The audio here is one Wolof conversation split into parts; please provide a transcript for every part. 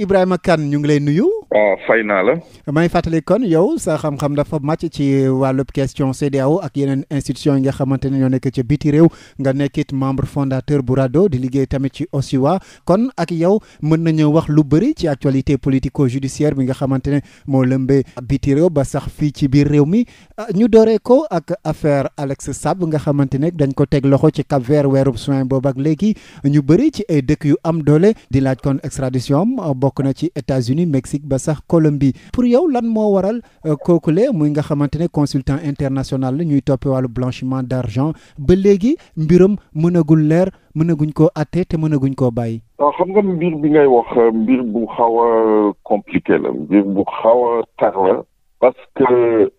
Ibrahima kan ñu ngi lay nuyu. waaw fay naa la. may fàttali kon yow sa xamxam xam dafa màcc ci wàllub question aw ak yeneen institution yi nga xamante ne ñoo nekk ca biti réew nga nekkit membre fondateur bu RADDHO di liggéey tamit ci OSIWA kon ak yow mën nañu wax lu bëri ci actualité politico judiciaire bi nga xamante ne moo lëmbee biti réew ba sax fii ci biir réew mi ah, ñu dooree ko ak affaire Alex Sab nga xamante ne dañ ko teg loxo ci Cap Vert weerub soin boobu ak léegi ñu bëri ci ay dëkk yu am doole di laaj kon extradition bokk na ci États-Unis Mexique sax Colombie pour yow lan moo waral euh, kookule muy nga xamante ne consultant international la ñuy toppee wàllu blanchiment d'argent ba léegi mbiram mënagul leer mënaguñ ko atte te mënaguñ koo bàyyi. waaw xam nga mbir bi ngay wax euh, mbir bu xaw a compliqué la mbir bu xaw a tar la parce que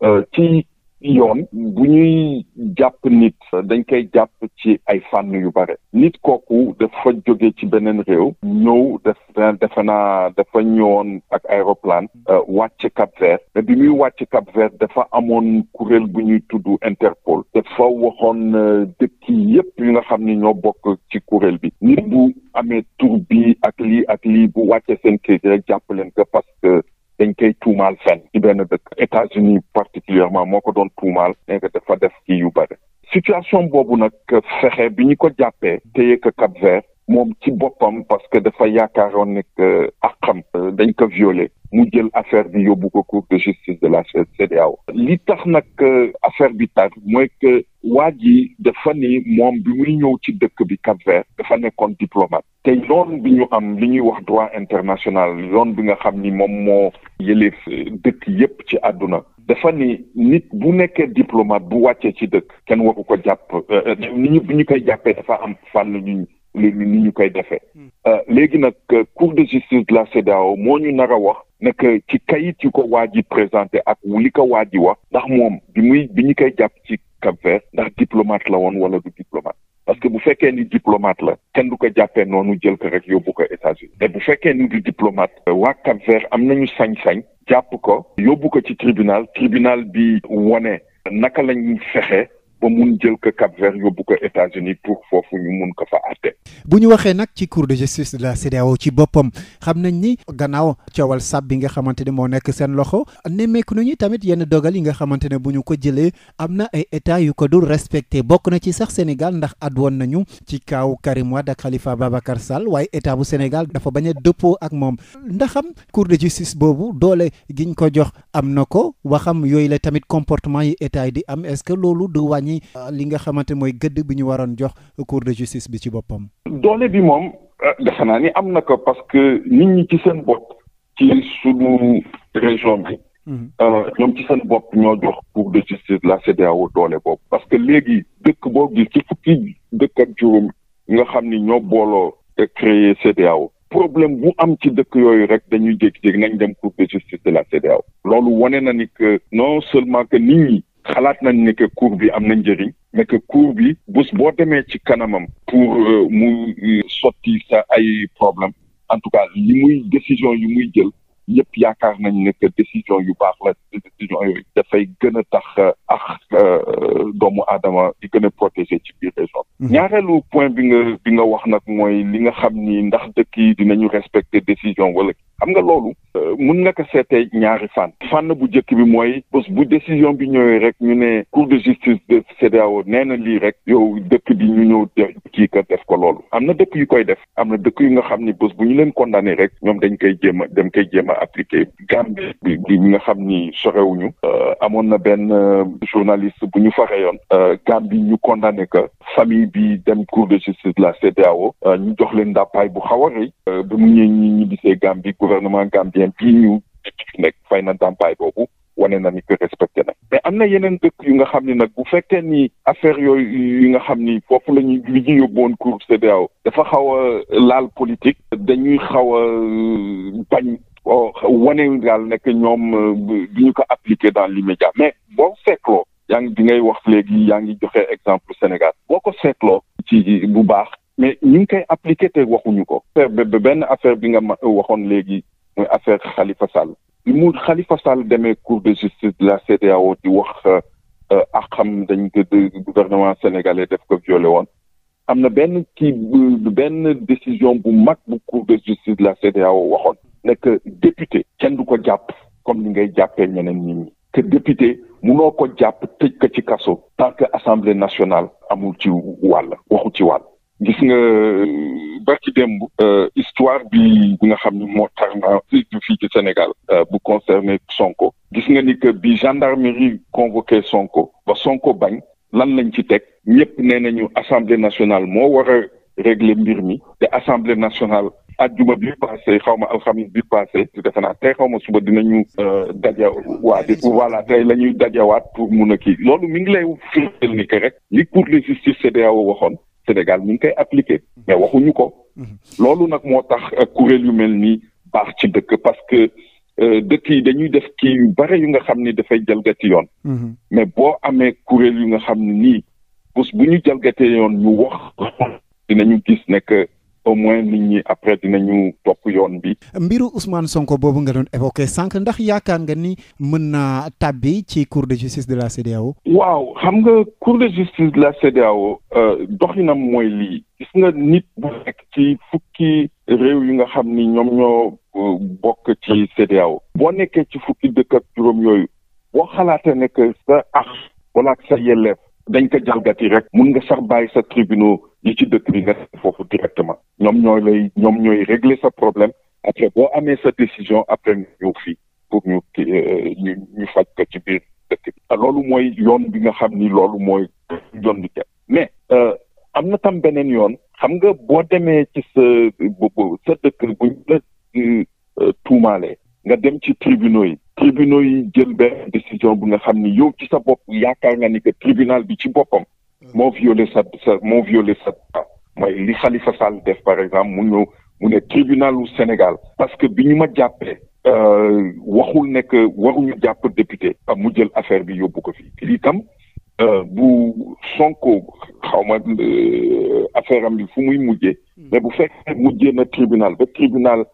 euh, ci yoon bu ñuy jàpp nit dañ koy jàpp ci ay fànn yu bare nit kooku dafa jóge ci beneen réew ñëw def naa dafa ñëwoon ak aéroplane euh, wàcc Cap Vert mais bi muy wàcc Cap Vert dafa amoon kuréel bu ñuy tudd Interpol dafa waxoon euh, dëkk yépp yi nga xam ni ñoo bokk ci kuréel bi nit bu amee tur bi ak lii ak lii bu wàccee seen kër rek jàpp leen que parce dañ koy tuumaal fenn ci benn dëkk États-Unis particulièrement moo ko doon tuumaal nekk dafa def kii yu bare situation boobu nag fexe bi ñu ko jàppee téye ko Cap-Vert moom ci boppam parce que dafa yaakaaroon ne que àqam euh, dañ ko violé mu jël affaire bi yóbbu ko cour de justice de la CEDEAO li tax nag euh, affaire bi tax mooy que waa ji dafa ni moom bi muy ñëw ci dëkk bi Cap-Vert dafa nekkoon diplomat te yoon bi ñu am li ñuy wax droit international yoon bi nga xam ni moom moo yëleef euh, dëkk yépp ci àdduna dafa ni nit bu nekkee diplomat bu wàccee ci dëkk kenn waru ko jàpp ni ñu bi ñu koy jàppee dafa am fànn ñu léegi ni ñu koy defee. Hmm. Euh, léegi nag euh, cour de justice la CEDEAO moo ñu nar a wax. nekk ci kayit yu ko waa ji présenté ak li ko waa ji wax. ndax moom bi muy bi ñu koy jàpp ci Cap-Vert ndax diplomate la woon wala du diplomate. parce que bu fekkee ni diplomate la kenn du ko jàppee noonu jël ko rek yóbbu ko États-Unis te bu fekkee ni du diplomate euh, waa Cap-Vert am nañu sañ-sañ jàpp ko yóbbu ko ci tribunal tribunal bi wone naka lañu fexe ba mun jël ko Cap Vert yóbbu ko États-Unis pour foofu ñu mun ko fa àtte. bu ñu waxee nag ci cour de justice la CEDEAO ci boppam xam nañ ni gannaaw coowal sab bi nga xamante ne moo nekk seen loxo nemmeeku nañu tamit yenn dogal yi nga xamante ne bu ñu ko jëlee am na ay état yu ko du respecté bokk na ci sax Sénégal ndax woon nañu ci kaaw Karim Wade ak Khalifa Babacar Sall waaye état bu Sénégal dafa bañ a dëppoo ak moom ndaxam cour de justice boobu doole giñ ko jox am na ko waxam yooyu la tamit comportement yi état di am est-ce que wàññi li nga xamante mooy gëdd bi ñu waroon jox cour de justice bi ci boppam. doole bi moom euh, defe naa ni am na ko parce que nit ñi ci seen bopp ci sunu région bi. Mhm. Euh, ñoom ci seen bopp ñoo jox cour de justice la CEDEAO doole boobu. parce que léegi dëkk boo gis ci fukki dëkk ak juróom nga xam ni ñoo booloo te créer CEDEAO. problème bu am ci dëkk yooyu rek dañuy jékki-jékki nañ dem cour de justice de la CEDEAO loolu wane na ni que non seulement que nit ñi xalaat nañ ne que cours bi am na njëriñ mais que bi bus boo demee ci kanamam pour euh, mu euh, sotti sa ay problème en tout cas li muy décision yu muy jël yëpp yaakaar nañ ne que décision yu baax la décision yooyu dafay gën a tax euh, ak doomu aadama di gën a protégé ci biir région mm-hmm. ñaareelu point bi nga bi nga wax nag mooy li nga xam ni ndax dëkk yi dinañu respecter décision wala am nga loolu. Euh, mun nga ko seetee ñaari fan na bu njëkk bi mooy. bés bu décision bi ñëwee rek ñu ne. cour de justice de CEDEAO nee na lii rek. yow dëkk bi ñu ñëw kii ka def ko loolu. am na dëkk yu koy def. am na dëkk yu nga xam ni bés bu ñu leen condamné rek. ñoom dañ koy jéem a dañ koy jéem a appliqué. Gambie bi bi ñi nga xam ni sorewuñu. Euh, amoon na benn euh, journaliste bu ñu faxe yoon. Gambie ñu condamné que. famille bi dem cour de justice de la CEDEAO. ñu jox leen ndàmpaay bu xaw a rëy. gouvernement gambien bii ñu ci nekk fay na ndàmpaay boobu wane na ni que respecté na mais am na yeneen dëkk yu nga xam ni nag bu fekkee ni affaire yooyu yi nga xam ni foofu la ñu li ñu yóbboon cour aw dafa uh, xaw laal politique dañuy xaw uh, a bañ wane daal nekk ñoom uh, du ñu ko appliqué dans l'immédiat mais boo seetloo yaa ngi di ngay wax léegi yaa ngi joxe exemple Sénégal boo ko seetloo ci bu baax mais ñu ngi koy appliqué te waxuñu ko. benn affaire bi nga ma waxoon léegi mooy affaire Khalifa Sall. mu xalifa Sall demee cour de justice de la CEDEAO di wax euh, ak xam dañ ko gouvernement sénégalais def ko violé woon am na benn kii benn décision bu mag bu cour de justice de la CEDEAO waxoon. nekk député kenn du ko jàpp comme ni ngay jàppee ñeneen nit ñi. que député munoo ko jàpp tëj ko ci kasso tant que assemblée nationale amul ci wàll waxu ci wàll. gis nga barki démb euh, histoire bi nga xam ne moo tar na fii ci Sénégal euh, bu concerné Sonko gis nga ni que bi gendarmerie convoqué Sonko ba Sonko bañ lan lañ ci teg ñëpp nee nañu assemblée nationale moo war a mbir mi te assemblée nationale ajjuma bi passé xaw ma alxamis bi passé defe naa tey xaw ma suba dinañu euh, dajawaat voilà tey la ñuy dajawaat pour mun a kii loolu mi ngi lay firndeel ni que rek li cour de justice CEDEAO waxoon Sénégal ñu ngi koy appliqué mais waxuñu ko loolu nag moo tax euh, kuréel yu mel nii baax ci dëkk parce que euh, dëkk yi dañuy def kii yu bare yu nga xam ni dafay jalgati yoon mm-hmm. mais boo amee kuréel yu nga xam ne nii bés bu ñu jalgatee yoon ñu wax dinañu gis ne au moins nit ñi après dinañu topp yoon bi. mbiru Ousmane Sonko boobu nga doon évoqué sànq ndax yaakaar nga ni mën naa tàbbi ci cour de justice de la CEDEAO. waaw xam nga cour de justice de la CEDEAO euh, doxinam mooy lii gis nga nit bu nekk ci fukki réew yi nga xam ni ñoom ñoo euh, bokk ci CEDEAO. boo nekkee ci fukki dëkk juróom yooyu boo xalaatee ne sa ax wala sa yelleef dañ ko jalgati rek. mun nga sax bàyyi sa tribunaux. yi ci dëkk bi nga foofu directement ñoom ñooy lay ñoom ñooy régler sa problème après boo amee sa décision après nga ñëw fii pour ñu euh, ñu ñu faj ko ci biir dëkk ah, loolu mooy yoon bi nga xam ni loolu mooy yoon bi te mais euh, am na tam beneen yoon xam nga boo demee ci sa sa dëkk bu ñu la euh, tuumaalee nga dem ci tribunaux yi. tribunaux yi jël benn décision bu nga xam ni yow ci sa bopp yaakaar nga ni que tribunal bi ci boppam moo violé sa sa moo violé sa mooy li Khalifa Sall def par exemple mu ñëw mu ne tribunalu Sénégal parce que bi ñu ma jàppee euh, waxul nekk waruñu jàpp député ah, mu jël affaire bi yóbbu ko fii lii tam euh, bu Sonko xaw ma euh, affaire am bi fu muy mujjee hmm. mais bu fekkee mujjee na tribunal ba tribunal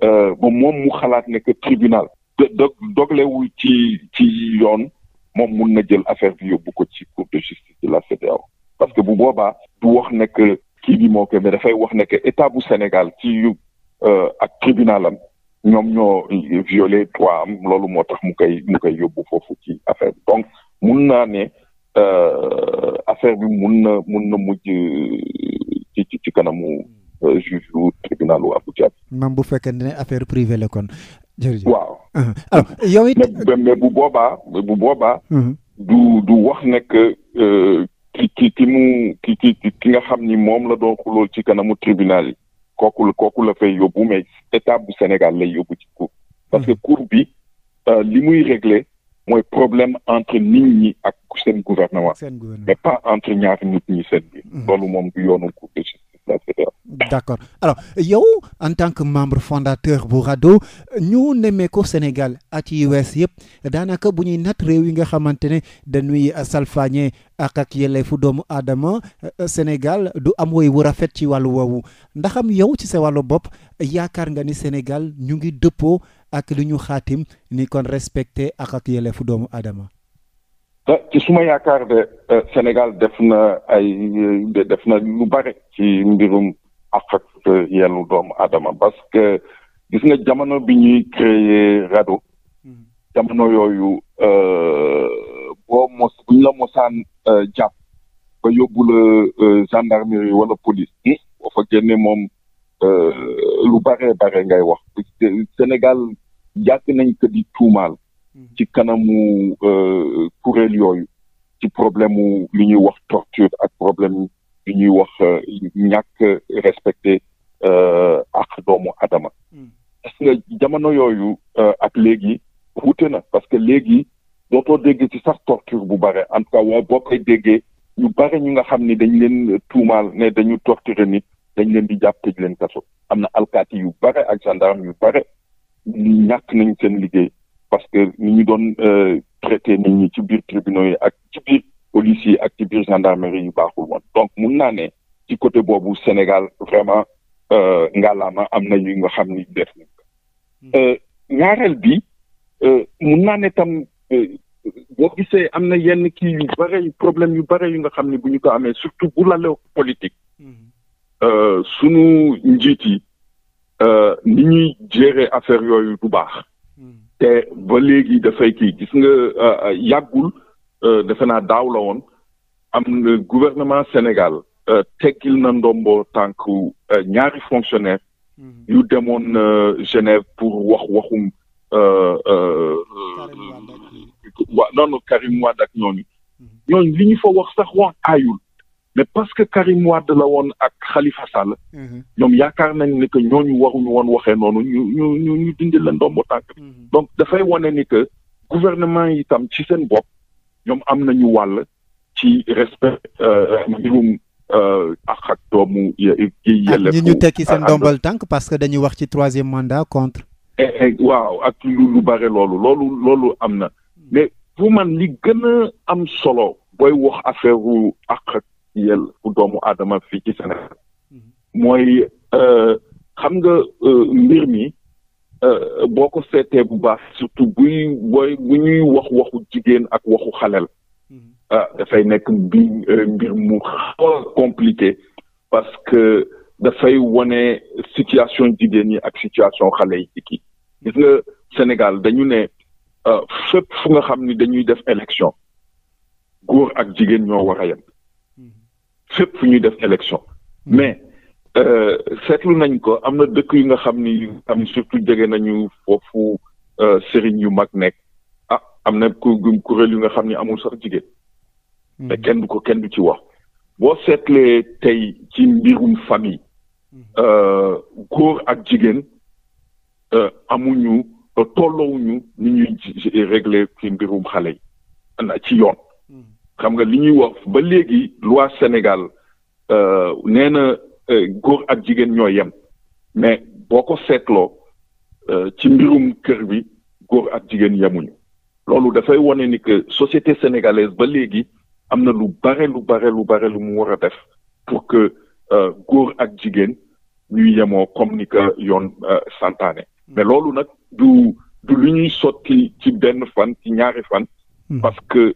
ba moom mu xalaat nekk tribunal do doglewul ci ci yoon moom mun na jël affaire bi yóbbu ko ci cour de justice de la CEDEAO parce que bu boobaa du wax ne que kii bi moo dafay wax ne que état bu Sénégal ci yu euh, ak tribunalam ñoom ñoo violé droit am loolu moo tax mu koy mu koy yóbbu foofu ci affaire bi donc mun naa ne euh, affaire bi mun na mun na mujj ci ci kanamu euh, juge tribunal wu Abuja. maam bu fekkee ne privée la kon. jërëjëf alors yow bu boobaa bu boobaa. Mm-hmm. du du wax ne que euh, ki ki ki mu ki ki nga xam ni moom la doon xulool ci kanamu tribunal yi kooku kooku la fay yóbbu mais état bu Sénégal lay yóbbu ci cour. parce que mm-hmm. cour bi euh, li muy régler mooy problème entre nit ñi ak seen gouvernement. mais pas entre ñaari nit ñi seen biir. Mm-hmm. loolu moom du yoonu cour de justice. d' accord alors yow en tant que membre fondateur bu rado ñu nemmee ko Sénégal ak yi wees yëpp daanaka bu ñuy nat réew yi nga xamante ne dañuy salfaañe ak ak yelleefu doomu aadama euh, Sénégal du am woy wu rafet ci wàllu woowu ndaxam yow ci sa wàllu bopp yaakaar nga ni Sénégal ñu ngi dëppoo ak lu ñu xaatim ni kon respecté ak ak yelleefu doomu aadama te ci suma yaakaar de euh, Sénégal def na ay def na lu bare ci mbirum àq ak euh, yellu doomu aadama parce que gis nga jamono bi ñuy créer RADDHO jamono yooyu euh, boo mos bu ñu la mosaan jàpp ba yóbbu gendarmerie wala police hmm, boo fa génne moom lu bare bare ngay wax Sénégal yàgg nañ ko di tuumaal ci kanamu euh, kuréel yooyu ci problème mu li ñuy wax torture ak problème yu ñuy wax euh, ñàkk respecté euh, ak doomu adama hmm. parce que jamono yooyu ak léegi wuute na parce que léegi dootoo dégg ci sax torture bu bare en tout cas boo koy déggee ñu bare ñu nga xam ni dañ leen tuumaal ne dañu torturer nit dañ leen di jàpp tëj leen kaso am na alkaati yu bare ak gendarme yu bare ñàkk nañ seen liggéey parce que ni ñu doon euh, traité ni ñi ci biir tribunaux yi ak ci biir police yi ak ci biir gendarmerie yu baaxul woon donc mun naa ne ci côté boobu Sénégal vraiment euh, ngalaama am na ñu nga xam ni def nañ ko hmm. euh, ñaareel bi naa ne tam gisee am na yenn kii yu bare yu problème yu bare yu nga xam ne bu ñu ko amee surtout bu lalew politique hmm. su njiit yi ni ñuy gérer affaire yooyu du baax hmm. te ba léegi dafay kii gis nga euh, euh, yàggul euh, defe naa daaw la woon am gouvernement Sénégal teggil na ndombo tànku ñaari fonctionnaire mhm. yu demoon Genève pour wax waxum wa noonu Karim Wade ak ñooñu mhm. ñooñu li fa wax sax wax aayul mais parce que Karim Wade la woon ak Khalifa Sall. Mhm. ñoom yaakaar nañ ni que ñooñu waruñu woon waxee noonu ñu ñu ñu ñu dindi la ndombo tànk. Mhm. donc dafay wane ni que gouvernement yi tam ci seen bopp ñoom am nañu wàll ci respect euh, mbirum euh, ak ak doomu yi ah, yelleeku. ñi ñu tekki seen ndombal tànk parce que dañuy wax ci troisième mandat contre. Eh, eh, waaw ak lu lu bare loolu loolu loolu am na mm. mais pour man li gën a am solo booy wax affaire ak. essentiel ku doomu aadama fii ci Sénégal mhm. mooy euh, xam nga euh, mbir mi euh, boo ko seetee bu baax surtout buy booy bu ñuy wax waxu jigéen ak waxu xaleel mhm. ah, dafay nekk mbir mbir mu xaw a parce que dafay wone situation jigéen ñi ak situation xale yi kii gis nga Sénégal dañu ne fépp fu nga xam ni dañuy def élection góor ak jigéen ñoo war a fépp fi ñuy def élection hmm. mais euh, seetlu nañ ko am na dëkk yu nga xam ni am surtout jege nañu foofu euh, sëriñ yu mag nekk ah am na ku kuréel yu nga xam ni amul sax jigéen mais hmm. kenn du ko kenn du ci wax boo seetlee tey ci mbirum famille hmm. euh, góor ak jigéen amuñu tolloowuñu ni ñuy régler ci mbirum xale yi ci yoon xam nga li ñuy wax ba léegi loi Sénégal euh, nee na euh, góor ak jigéen ñoo yem mais boo ko seetloo euh, ci mbirum kër bi góor ak jigéen yemuñu loolu dafay wane ni que société sénégalaise ba léegi am na lu bare lu bare lu bare lu mu war a def pour que góor ak jigéen ñuy yemoo comme ni que yoon santaane hmm. mais loolu nag du du lu ñuy sotti ci benn fan ci ñaari fan hmm. parce que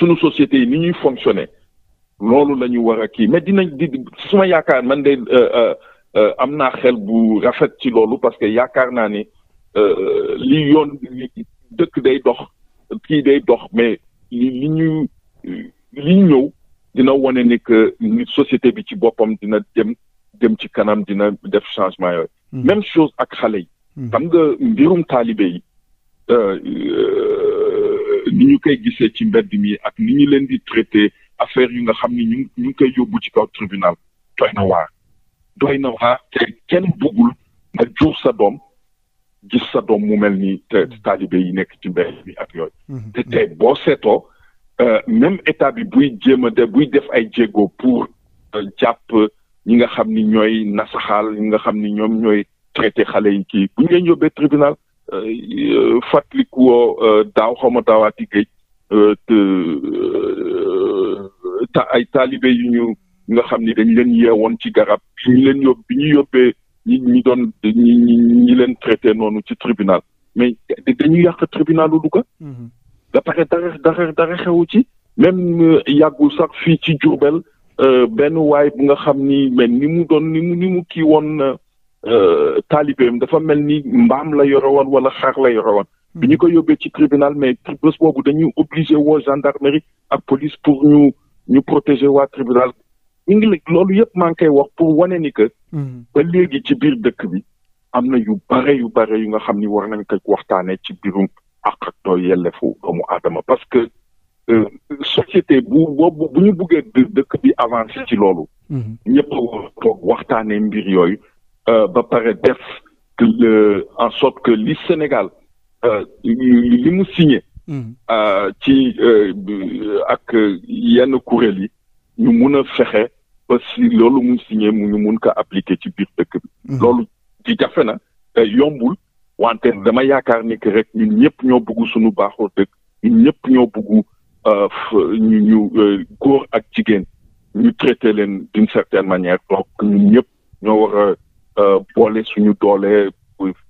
sunu société yi ni ñuy fonctionné loolu la ñu war a kii mais dinañ di suma yaakaar man de euh, euh, euh, am naa xel bu rafet ci loolu parce que yaakaar naa ni li yoon dëkk day dox kii day dox mais li li ñu li ñëw dina wane ni que société bi ci boppam dina dem dem ci kanam dina def changement yooyu. Mm-hmm. même chose ak xale yi. Mm-hmm. xam nga mbirum taalibe yi. ni ñu koy gisee ci mbedd mi ak ni ñu leen di traité affaire yu nga xam ni ñu ñu ngi koy yóbbu ci kaw tribunal doy na waar doy na waar te kenn bëggul nga jur sa doom gis sa doom mu mel ni te taalibe yi nekk ci mbedd mi ak yooyu mhm. te tey boo seetoo euh, même état bi buy jéem a de buy def ay jéego pour euh, jàpp ñi nga xam ni ñooy nasaxaal ñi nga xam ni ñoom ñooy traité xale yi kii bu ñu leen yóbbee tribunal fàttalikoo euh, daaw xaw ma daawaati géej euh, te euh, ay taalibe yu ñu nga xam ni dañ leen yeewoon ci garab bi ñu leen ñi ñi doon ñi ñi ñi leen traité noonu ci tribunal mais dañu yàq tribunalu Louga da mm-hmm. pare dara dara xewu ci même yàggul sax fii ci Diourbel benn waay bu nga xam ni mais ni mu doon ni mu ni mu kii woon Euh, taalibeem dafa mel ni mbaam la yore woon wala xar la yore woon. Hmm. bi ñu ko yóbbee ci tribunal mais bés boobu dañuy obligé woo gendarmerie ak police pour ñu ñu protéger waa tribunal. ñu ngi léegi loolu yëpp maa ngi koy wax pour wane ni que. Hmm. ba léegi ci biir dëkk bi am na yu bare yu bare yu nga xam ni war nañ ko waxtaanee ci biirum àq ak yelleefu doomu aadama parce que euh, société bu boobu bu ñu buggee dëkk bi avancé ci loolu. Hmm. ñëpp waxtaanee mbir yooyu. Euh, ba pare def en sorte que li Sénégal euh, li mu signé. Mm. Euh, ci ak yenn kuréel yi ñu mun a fexe ba si loolu mu signé mu ñu mun ko appliquer ci biir dëkk bi. Mm. loolu di jafe na te yombul wante dama yaakaar ni que rek ñun ñëpp ñoo bëgg suñu baaxoo dëkk ñun ñëpp ñoo bëgg ñu ñu ak jigéen ñu traité leen d'une certaine manière donc ñun ñëpp ñoo war boole suñu doole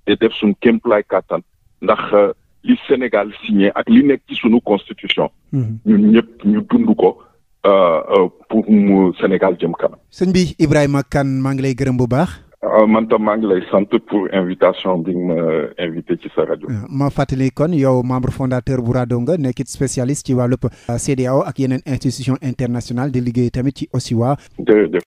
te def suñu kéemtulaay kàttan ndax euh, li Sénégal signé ak li nekk ci suñu constitution. Mhm. ñun ñëpp ñu dund ko. Euh, euh, pour mu Sénégal jëm kanam. sëñ bi Ibrahima kan maa ngi lay gërëm bu baax. man tam maa ngi lay sant pour invitation bi nga ci sa rajo. ma fàttali kon yow membre fondateur bu RADDHO nga nekkit spécialiste ci wàllub CEDEAO ak yeneen institution internationale di liggéey tamit ci OSCEWA. jërëjëf.